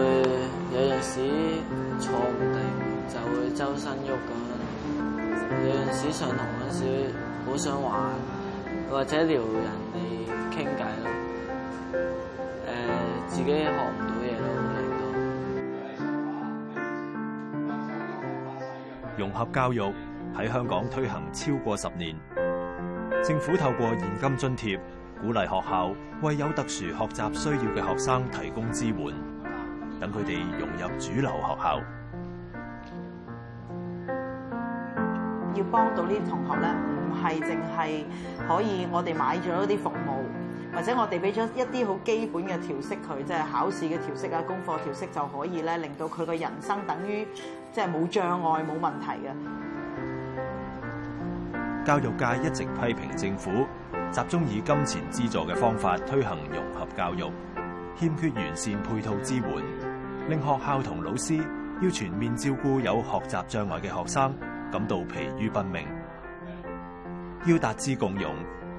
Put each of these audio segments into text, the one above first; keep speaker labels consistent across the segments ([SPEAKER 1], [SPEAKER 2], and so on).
[SPEAKER 1] 誒，有陣時坐唔定，就會周身喐噶。
[SPEAKER 2] 有陣時上堂陣時，好想玩，或者
[SPEAKER 3] 撩人哋傾偈咯。誒、呃，自己學唔到嘢咯，
[SPEAKER 4] 融合教育喺香港推行超過十年，政府透過現金津貼鼓勵學校為有特殊學習需要嘅學生提供支援。等佢哋融入主流學校，
[SPEAKER 1] 要幫到呢啲同學咧，唔係淨係可以我哋買咗一啲服務，或者我哋俾咗一啲好基本嘅調適佢，即係考試嘅調適啊、功課調適就可以咧，令到佢個人生等於即係冇障礙冇問題嘅。
[SPEAKER 4] 教育界一直批評政府集中以金錢資助嘅方法推行融合教育，欠缺完善配套支援。令學校同老師要全面照顧有學習障礙嘅學生，感到疲於奔命；要達至共融，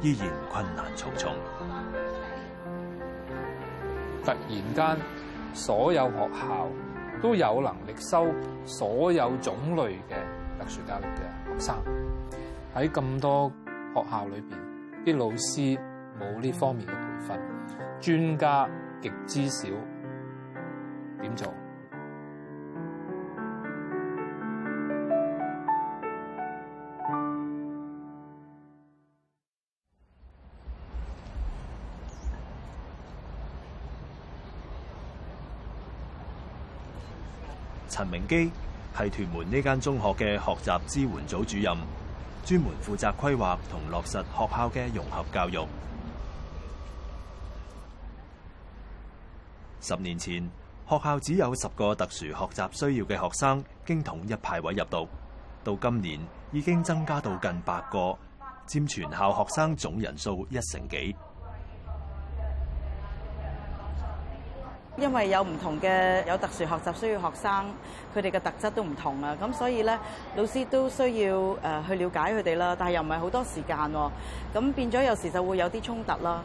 [SPEAKER 4] 依然
[SPEAKER 5] 困難重重。突然間，所有學校都有能力收所有種類嘅特殊教育嘅學生。喺咁多學校裏邊，啲老師冇呢方面嘅培訓，專家極之少。點做？
[SPEAKER 4] 陳明基係屯門呢間中學嘅學習支援組主任，專門負責規劃同落實學校嘅融合教育。十年前，學校只有十個特殊學習需要嘅學生經統一派位入讀，到今年已經增加到近百個，佔全校學生總人數一成幾。
[SPEAKER 1] 因為有唔同嘅有特殊學習需要的學生，佢哋嘅特質都唔同啊，咁所以咧老師都需要誒去了解佢哋啦，但係又唔係好多時間，咁變咗有時就會有啲衝突啦。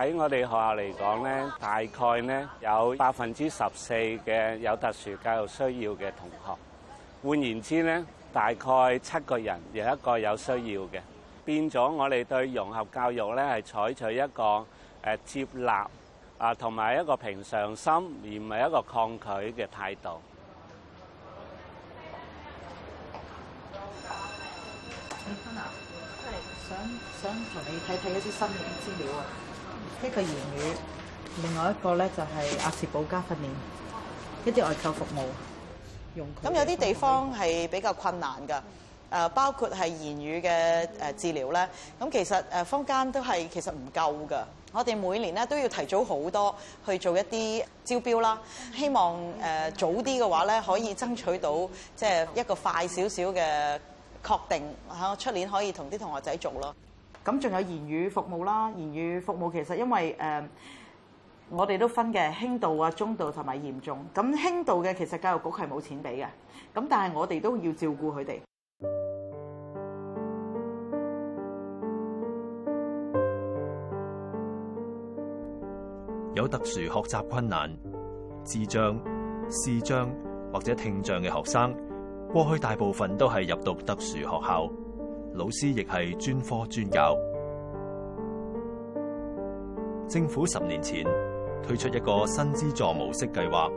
[SPEAKER 3] 喺我哋學校嚟講咧，大概咧有百分之十四嘅有特殊教育需要嘅同學。換言之咧，大概七個人有一個有需要嘅，變咗我哋對融合教育咧係採取一個誒接納啊，同埋一個平常心，而唔係一個抗拒嘅態度。嗯，想
[SPEAKER 1] 想同你睇睇一啲新嘅資料啊！一、這個言語，另外一個咧就係阿氏保加訓練，一啲外教服務。咁有啲地方係比較困難噶，誒、嗯，包括係言語嘅誒治療咧。咁、嗯、其實誒坊間都係其實唔夠噶，我哋每年咧都要提早好多去做一啲招標啦。希望誒早啲嘅話咧，可以爭取到即係一個快少少嘅確定，喺我出年可以同啲同學仔做咯。咁仲有言語服務啦，言語服務其實因為誒，我哋都分嘅輕度啊、中度同埋嚴重。咁輕度嘅其實教育局係冇錢俾嘅，咁但係我哋都要照顧佢
[SPEAKER 3] 哋。
[SPEAKER 4] 有特殊學習困難、智障、視障或者聽障嘅學生，過去大部分都係入讀特殊學校。老師亦係專科專教。政府十年前推出一個新資助模式計劃，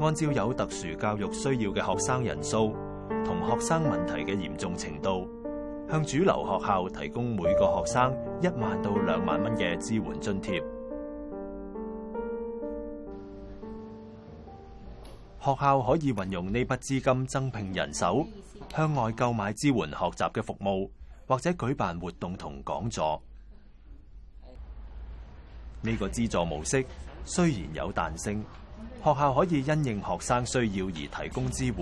[SPEAKER 4] 按照有特殊教育需要嘅學生人數同學生問題嘅嚴重程度，向主流學校提供每個學生一萬到兩萬蚊嘅支援津貼。學校可以運用呢筆資金增聘人手。向外購買支援學習嘅服務，或者舉辦活動同講座。呢個資助模式雖然有彈性，學校可以因應學生需要而提供支援，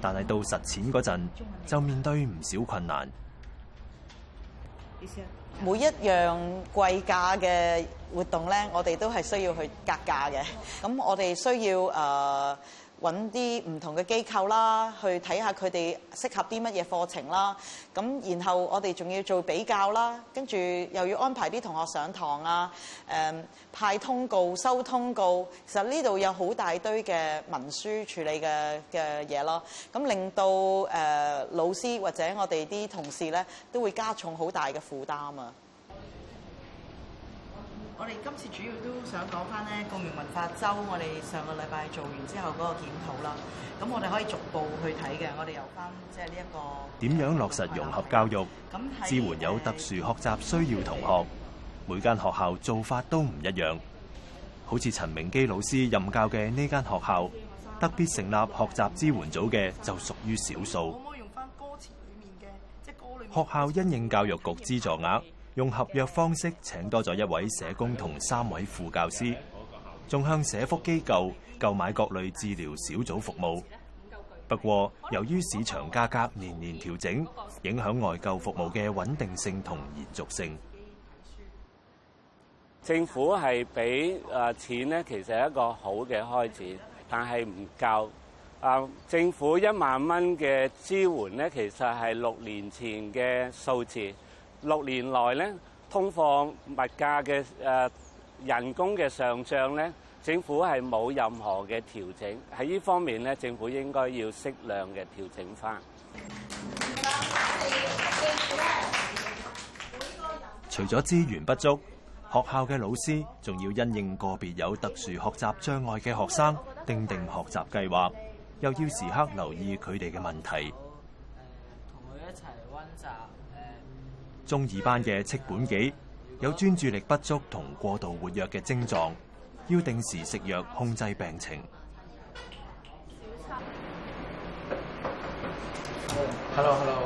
[SPEAKER 4] 但係到實踐嗰陣就面對唔少困難。
[SPEAKER 1] 每一樣貴價嘅活動呢，我哋都係需要去格價嘅。咁我哋需要誒。呃揾啲唔同嘅機構啦，去睇下佢哋適合啲乜嘢課程啦。咁然後我哋仲要做比較啦，跟住又要安排啲同學上堂啊。誒派通告、收通告，其實呢度有好大堆嘅文書處理嘅嘅嘢咯。咁令到誒老師或者我哋啲同事咧，都會加重好大嘅負擔啊。我哋今次主要都想講翻呢共融文化周，我哋上個禮拜做完之後嗰個檢討啦。咁我哋可以逐步去睇嘅。我哋由翻即係呢一個
[SPEAKER 4] 點樣落實融合教育，支援有特殊學習需要同學。每間學校做法都唔一樣。好似陳明基老師任教嘅呢間學校，特別成立學習支援組嘅就屬於少數。可唔可以用翻歌詞裡面嘅，即係歌裡面。學校因應教育局資助額，用合約方式請多咗一位社工同三位副教師，仲向社福機構購買各類治療小組服務。不過由於市場價格年年調整，影響外購服務嘅穩定性同延續性。
[SPEAKER 3] 政府係俾誒錢咧，其實係一個好嘅開始，但係唔夠啊，政府一萬蚊嘅支援咧，其實，係六年前嘅數字。六年來咧，通貨、物價嘅誒、人工嘅上漲咧，政府係冇任何嘅調整。喺呢方面咧，政府應該要適量嘅調整翻。
[SPEAKER 2] 除
[SPEAKER 4] 咗資源不足，學校嘅老師仲要因應個別有特殊學習障礙嘅學生，訂定學習計劃，又要時刻留意佢哋嘅問題。.中二班嘅戚本紀有專注力不足同過度活躍嘅症狀，要定時食藥控制病情。Hello，Hello，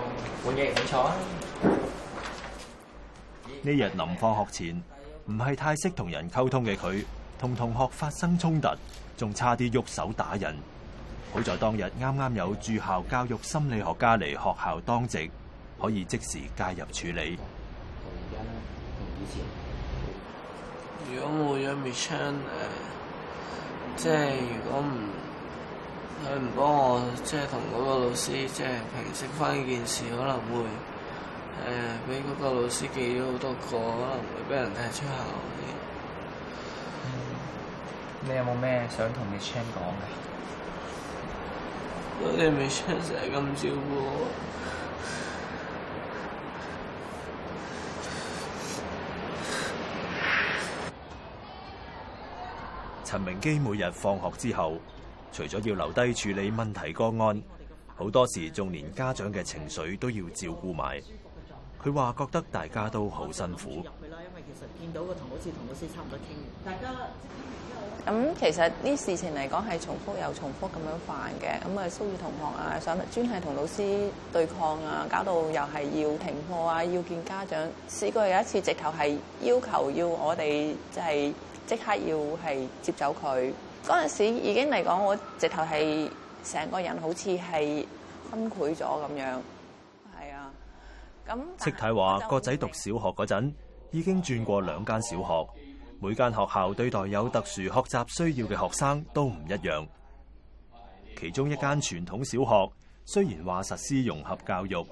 [SPEAKER 4] 我今日唔着。呢日臨放學前，唔係太識同人溝通嘅佢，同同學發生衝突，仲差啲喐手打人。好在當日啱啱有駐校教育心理學家嚟學校當值。可以即時介入處理。
[SPEAKER 3] 如果冇咗 Michelle 即係如果唔，佢唔幫我，即係同嗰個老師，即係平息翻呢件事，可能會誒俾嗰個老師記咗好多個，可能會俾人踢出校。嗯，
[SPEAKER 5] 你有冇咩想同 Michelle 講嘅？
[SPEAKER 3] 我哋 Michelle 成日咁照顧我。
[SPEAKER 4] 陳明基每日放學之後，除咗要留低處理問題個案，好多時仲連家長嘅情緒都要照顧埋。佢話覺得大家都好辛苦。入去
[SPEAKER 1] 啦，因為其實見到個同好似同老師差
[SPEAKER 2] 唔多傾大家咁其實啲事情嚟講係重複又重複咁樣犯嘅，咁啊蘇宇同學啊想專係同老師對抗啊，搞到又係要停課啊，要見家長。試過有一次直頭係要求要我哋即係。即刻要係接走佢，嗰陣時已經嚟講，我直頭係成個人好似係崩潰咗咁樣，係啊，咁。戚
[SPEAKER 4] 太話個仔讀小學嗰陣已經轉過兩間小學，每間學校對待有特殊學習需要嘅學生都唔一樣，其中一間傳統小學雖然話實施融合教育，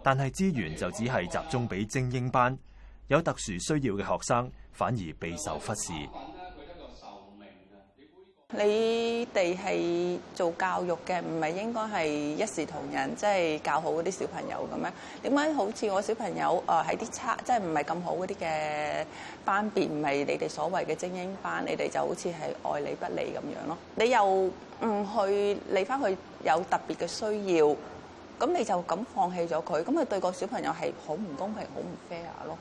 [SPEAKER 4] 但係資源就只係集中俾精英班。有特殊需要嘅學生反而備受忽視。
[SPEAKER 2] 你哋係做教育嘅，唔係應該係一視同仁，即係教好嗰啲小朋友咁樣？點解好似我小朋友誒喺啲差，即係唔係咁好嗰啲嘅班別，唔係你哋所謂嘅精英班，你哋就好似係愛理不理咁樣咯？你又唔去理返佢有特別嘅需要，咁你就咁放棄咗佢，咁佢對個小朋友係好唔公平，好唔 fair 咯？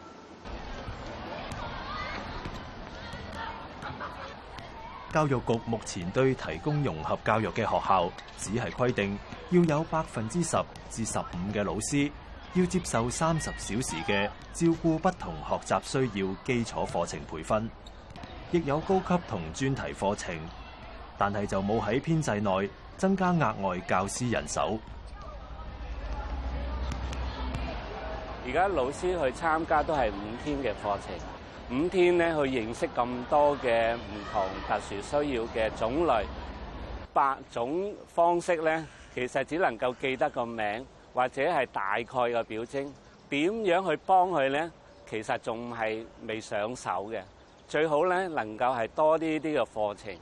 [SPEAKER 4] 教育局目前對提供融合教育嘅學校，只係規定要有百分之十至十五嘅老師要接受三十小時嘅照顧不同學習需要基礎課程培訓，亦有高級同專題課程，但係就冇喺編制內增加額外教師人手。
[SPEAKER 3] 而家老師去參加都係五天嘅課程。五天咧去認識咁多嘅唔同特殊需要嘅種類，八種方式咧，其實只能夠記得個名或者係大概個表徵，點樣去幫佢咧？其實仲係未上手嘅，最好咧能夠係多啲啲嘅課程。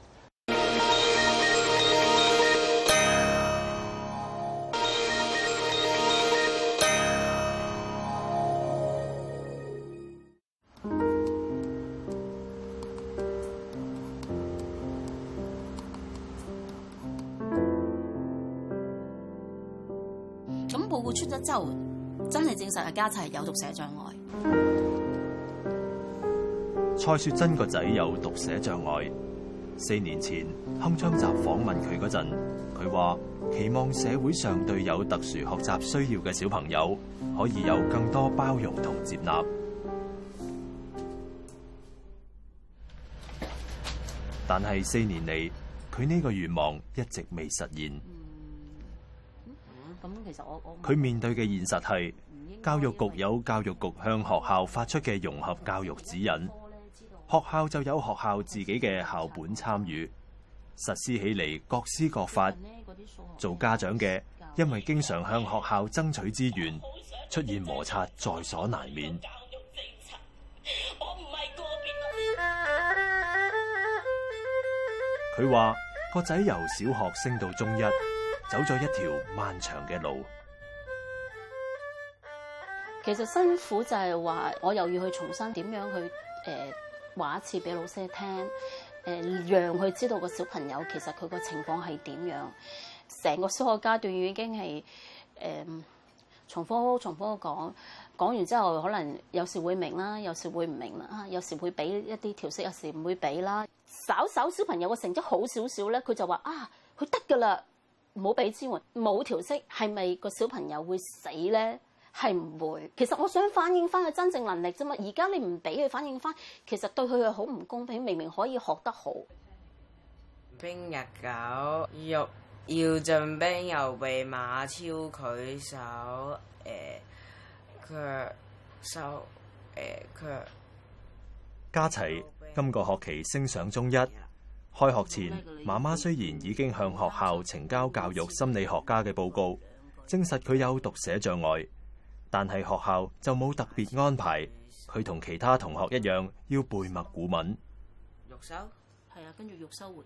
[SPEAKER 6] 大家一齊有讀寫障礙。
[SPEAKER 4] 蔡雪珍個仔有讀寫障礙。四年前，訪問他的《鏗鏘集》訪問佢嗰陣，佢話期望社會上對有特殊學習需要嘅小朋友，可以有更多包容同接納。但係四年嚟，佢呢個願望一直未實現。
[SPEAKER 6] 咁其實我
[SPEAKER 4] 佢面對嘅現實係，教育局有教育局向學校發出嘅融合教育指引，學校就有學校自己嘅校本參與，實施起嚟各施各法。做家長嘅，因為經常向學校爭取資源，出現摩擦在所難免。佢話個仔由小學升到中一。走咗一條漫長嘅路，
[SPEAKER 6] 其實辛苦就係話，我又要去重新點樣去誒話、呃、一次俾老師聽，誒、呃、讓佢知道個小朋友其實佢個情況係點樣，成個小學階段已經係誒、呃、重複重複講，講完之後可能有時會明啦，有時會唔明啦，啊，有時會俾一啲調息，有時唔會俾啦，稍稍小朋友個成績好少少咧，佢就話，啊佢得噶啦。他可以唔好俾支援，冇調適，係咪個小朋友會死咧？係唔會。其實我想反映翻佢真正能力啫嘛。而家你唔俾佢反映翻，其實對佢係好唔公平。明明可以學得好。
[SPEAKER 1] 兵日久，欲要進兵，又被馬超拒守。誒，欲收誒卻。
[SPEAKER 4] 嘉齊今個學期升上中一。開學前，媽媽雖然已經向學校呈交教，教育心理學家嘅報告，證實佢有讀寫障礙，但係學校就冇特別安排佢同其他同學一樣要背默古文。
[SPEAKER 6] 玉手係啊，跟住玉收回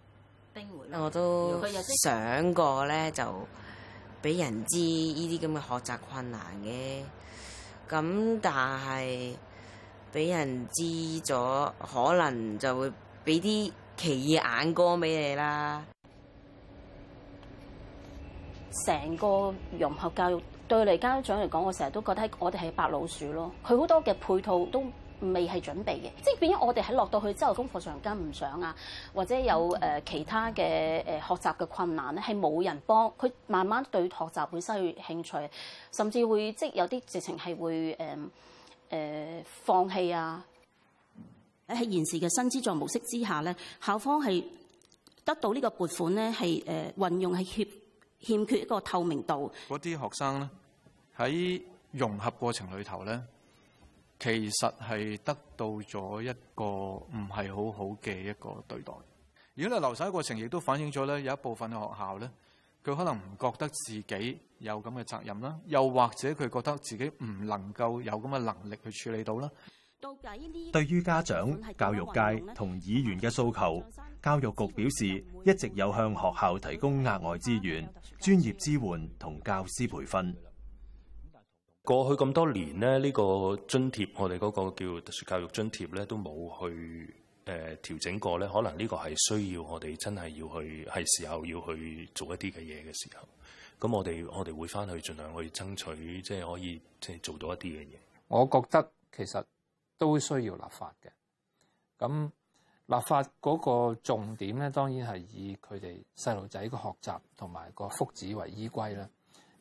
[SPEAKER 6] 冰梅。我都想過咧，就俾人知呢啲咁嘅學習困難嘅咁，但係俾人知咗，可能就會俾啲奇異眼光俾你啦！成個融合教育對嚟家長嚟講，我成日都覺得我哋係白老鼠咯。佢好多嘅配套都未係準備嘅，即係變咗我哋喺落到去之後，功課上跟唔上啊，或者有誒其他嘅誒學習嘅困難咧，係冇人幫佢。慢慢對學習本身會失去興趣，甚至會即係有啲直情係會誒誒、呃呃、放棄啊。喺現時嘅新資助模式之下咧，校方係得到呢個撥款咧，係、呃、誒運用係欠欠缺一個透明度。嗰啲學生咧
[SPEAKER 4] 喺融合過程裏頭咧，其實係得到咗一個唔係好好嘅一個對待。如果你留守嘅過程亦都反映咗咧，有一部分嘅學校咧，佢可能唔覺得自己有咁嘅責任啦，又或者佢覺得自己
[SPEAKER 5] 唔能夠有咁嘅能力去處理到啦。
[SPEAKER 4] 對於家長、教育界同議員嘅訴求，教育局表示一直有向學校提供額外資源、專業支援同教師培訓。過去咁多年咧，呢個津貼，我哋嗰個叫特殊教育津貼咧，都冇去誒調整過咧。可能呢個係需要我哋真係要去，係時候要去做一啲嘅嘢嘅時候。咁我哋我哋會返去盡量去爭
[SPEAKER 5] 取，即係可以即係做到一啲嘅嘢。我覺得其實。都需要立法嘅，咁立法嗰個重點咧，當然係以佢哋細路仔嘅學習同埋個福祉為依歸啦。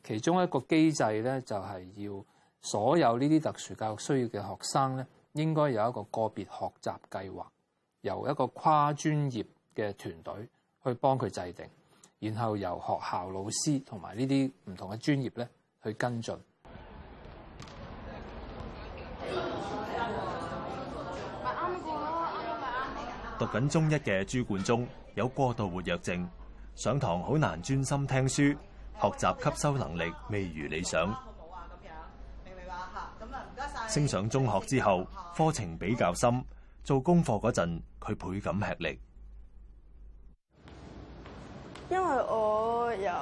[SPEAKER 5] 其中一個機制咧，就係要所有呢啲特殊教育需要嘅學生咧，應該有一個個別學習計劃，由一個跨專業嘅團隊去幫佢制定，然後由學校老師同埋呢啲唔同嘅專業咧去跟進。
[SPEAKER 4] 讀緊中一嘅朱冠中，有過度活躍症，上堂好難專心聽書，學習吸收能力未如理想。升上中學之後，課程比較深，做功課嗰陣佢倍感吃力。
[SPEAKER 2] 因為我由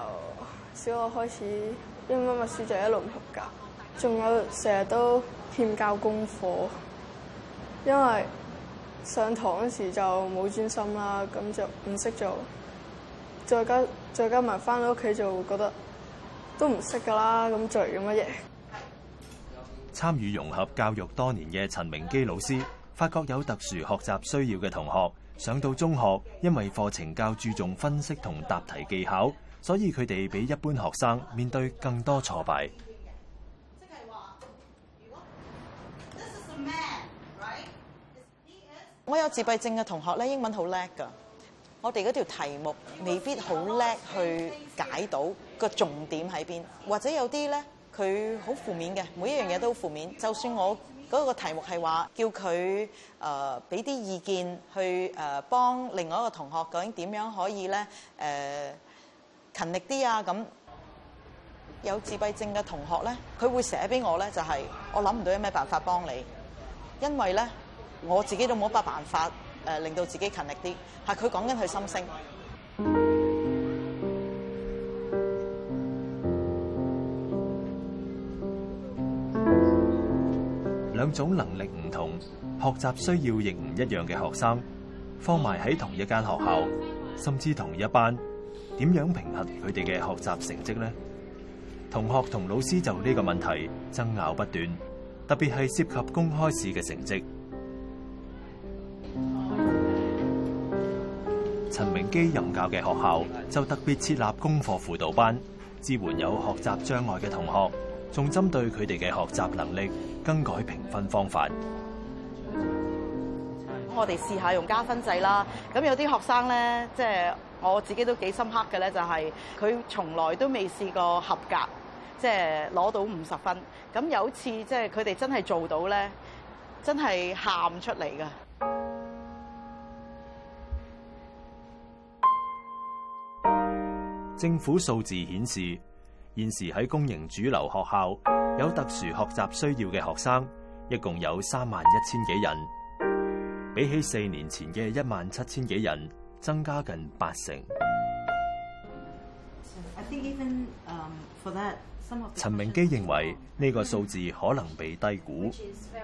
[SPEAKER 2] 小學開始，英文默書就
[SPEAKER 1] 一路唔合格，仲有成日都欠交功課，因為。上堂嗰時就冇專心啦，咁就唔識做。再加再加埋翻到屋企就覺得都唔識噶啦，咁做乜嘢？
[SPEAKER 4] 參與融合教育多年嘅陳明基老師，發覺有特殊學習需要嘅同學上到中學，因為課程較注重分析同答題技巧，所以佢哋比一般學生面對更多挫敗。
[SPEAKER 1] 我有自閉症嘅同學咧，英文好叻㗎。我哋嗰條題目未必好叻去解到個重點喺邊，或者有啲咧佢好負面嘅，每一樣嘢都負面。就算我嗰個題目係話叫佢誒俾啲意見去誒、呃、幫另外一個同學，究竟點樣可以咧誒、呃、勤力啲啊？咁有自閉症嘅同學咧，佢會寫俾我咧，就係、是、我諗唔到有咩辦法幫你，因為咧。我自己都冇乜辦法，誒令到自己勤力啲。係佢講緊佢心聲。
[SPEAKER 4] 兩種能力唔同，學習需要亦唔一樣嘅學生，放埋喺同一間學校，甚至同一班，點樣平衡佢哋嘅學習成績呢？同學同老師就呢個問題爭拗不斷，特別係涉及公開試嘅成績。陳明基任教嘅學校就特別設立功課輔導班，支援有學習障礙嘅同學，仲針對佢哋嘅學習能力更改評分方法。
[SPEAKER 1] 我哋試下用加分制啦。咁有啲學生咧，即係我自己都幾深刻嘅咧，就係佢從來都未試過合格，即係攞到五十分。咁有次即係佢哋真係做到咧，真係喊出嚟噶。
[SPEAKER 4] 政府數字顯示，現時喺公營主流學校有特殊學習需要嘅學生，一共有三萬一千幾人，比起四年前嘅一萬七千幾人，增加近八成。陳明基認為呢個數字可能被低估，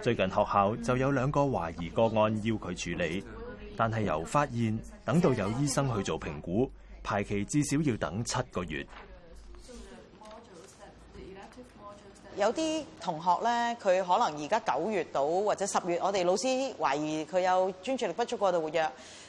[SPEAKER 4] 最近學校就有兩個懷疑個案要佢處理，但係由發現等到有醫生去做評估。排期至少要等七個月。
[SPEAKER 1] 有啲同學咧，佢可能而家九月到或者十月，我哋老師懷疑佢有專注力不足過度活躍。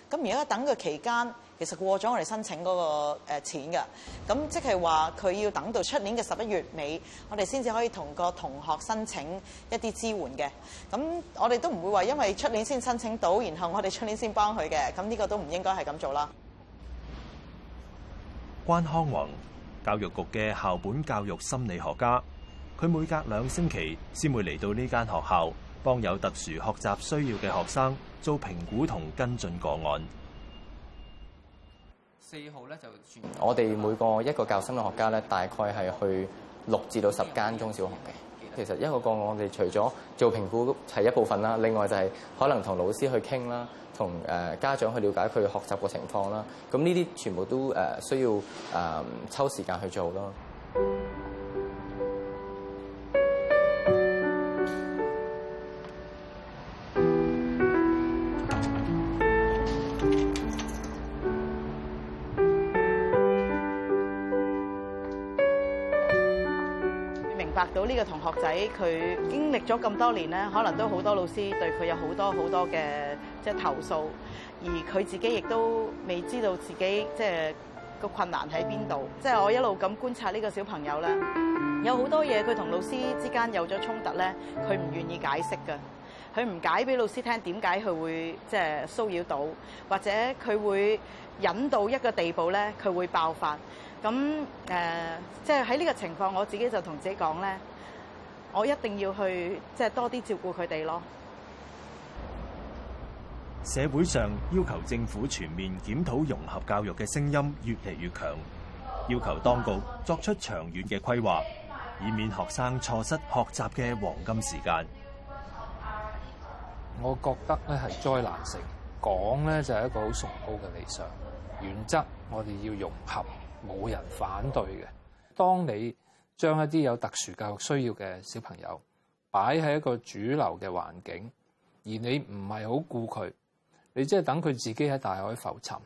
[SPEAKER 1] 咁而家等嘅期間，其實過咗我哋申請嗰個錢嘅。咁即係話佢要等到出年嘅十一月尾，我哋先至可以同個同學申請一啲支援嘅。咁我哋都唔會話因為出年先申請到，然後我哋出年先幫佢嘅。咁呢個都唔應該係咁做啦。
[SPEAKER 4] 關康宏，教育局嘅校本教育心理學家，佢每隔兩星期先會嚟到呢間學校，幫有特殊學習需要嘅學生做評估同跟進個案。
[SPEAKER 5] 四號咧就全，我哋每個一個教心理學家咧，大概係去六至到十間中小學嘅。其實一個個案，我哋除咗做評估係一部分啦，另外就係可能同老師去傾啦，同誒家長去了解佢學習嘅情況啦。咁呢啲全部都誒需要誒抽時間去做咯。
[SPEAKER 1] 同學仔，佢經歷咗咁多年咧，可能都好多老師對佢有好多好多嘅即係投訴，而佢自己亦都未知道自己即係個困難喺邊度。即係我一路咁觀察呢個小朋友啦，有好多嘢佢同老師之間有咗衝突咧，佢唔願意解釋嘅，佢唔解俾老師聽點解佢會即係騷擾到，或者佢會引到一個地步咧，佢會爆發。咁誒、呃，即係喺呢個情況，我自己就同自己講咧。我一定要去，即係多啲照顧佢哋咯。
[SPEAKER 4] 社會上要求政府全面檢討融合教育嘅聲音越嚟越強，要求當局作出長遠嘅規劃，以免學生錯失學習嘅黃金時間。我覺
[SPEAKER 5] 得咧係災難性，講咧就係一個好崇高嘅理想原則，我哋要融合，冇人反對嘅。當你將一啲有特殊教育需要嘅小朋友擺喺一個主流嘅環境，而你唔係好顧佢，你即係等佢自己喺大海浮沉。